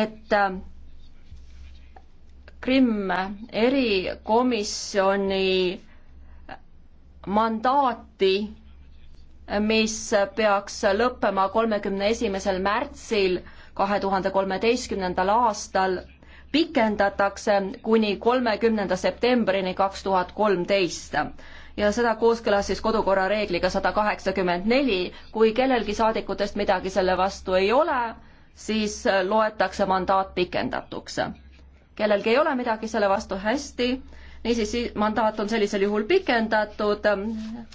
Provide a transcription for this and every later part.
et Krimm erikomisjoni mandaati, mis peaks lõppema kolmekümne esimesel märtsil kahe tuhande kolmeteistkümnendal aastal pikendatakse kuni kolmekümnenda septembrini kaks tuhat kolmteist ja seda kooskõlas siis kodukorra reegliga sada kaheksakümmend neli. kui kellelgi saadikutest midagi selle vastu ei ole, siis loetakse mandaat pikendatuks. kellelgi ei ole midagi selle vastu, hästi, niisiis mandaat on sellisel juhul pikendatud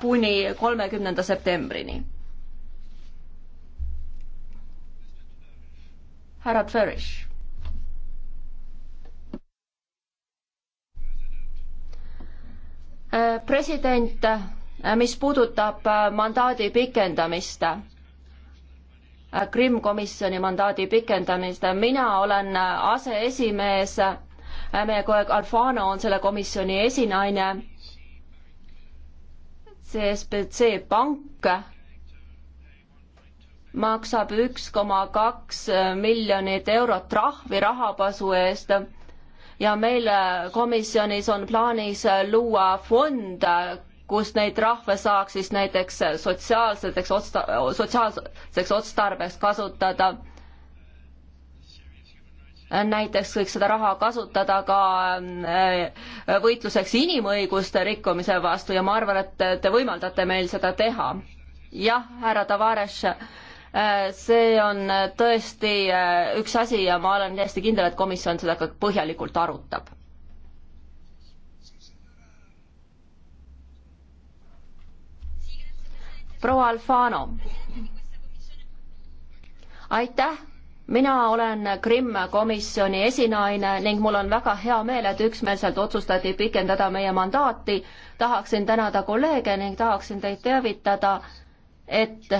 kuni kolmekümnenda septembrini. härra Tverish Äh, president, äh, mis puudutab äh, mandaadi pikendamist, Krimm komisjoni mandaadi pikendamist, mina olen aseesimees, meie kolleeg Alfano on selle komisjoni esinaine, CSBC pank maksab üks koma kaks miljonit eurot trahvi rahapesu eest ja meil äh, komisjonis on plaanis äh, luua fond, äh, kus neid rahve saaks siis näiteks sotsiaalseteks otsta-, sotsiaalseks otstarbeks kasutada näiteks võiks seda raha kasutada ka võitluseks inimõiguste rikkumise vastu ja ma arvan, et te võimaldate meil seda teha. jah, härra Tavares, Äh, see on äh, tõesti äh, üks asi ja ma olen täiesti kindel, et komisjon seda ka põhjalikult arutab. proua Alfano. aitäh, mina olen Krimm komisjoni esinaine ning mul on väga hea meel, et üksmeelselt otsustati pikendada meie mandaati. tahaksin tänada kolleege ning tahaksin teid teavitada, et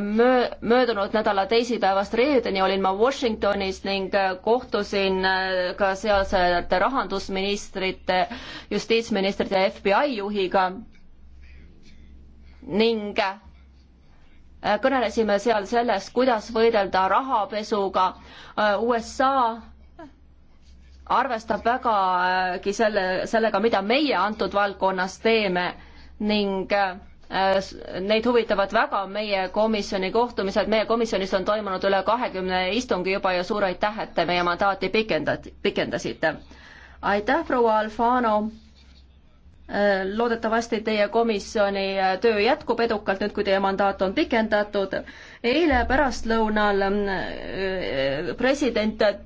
möö-, möödunud nädala teisipäevast reedeni olin ma Washingtonis ning äh, kohtusin äh, ka sealsete rahandusministrite, justiitsministrite ja FBI juhiga ning äh, kõnelesime seal sellest, kuidas võidelda rahapesuga. USA arvestab vägagi selle, sellega, mida meie antud valdkonnas teeme ning äh, Äh, neid huvitavad väga meie komisjoni kohtumised, meie komisjonis on toimunud üle kahekümne istungi juba ja suur aitäh, et te meie mandaati pikendad, pikendasite. aitäh, proua Alfano. Äh, loodetavasti teie komisjoni äh, töö jätkub edukalt nüüd, kui teie mandaat on pikendatud. eile pärastlõunal president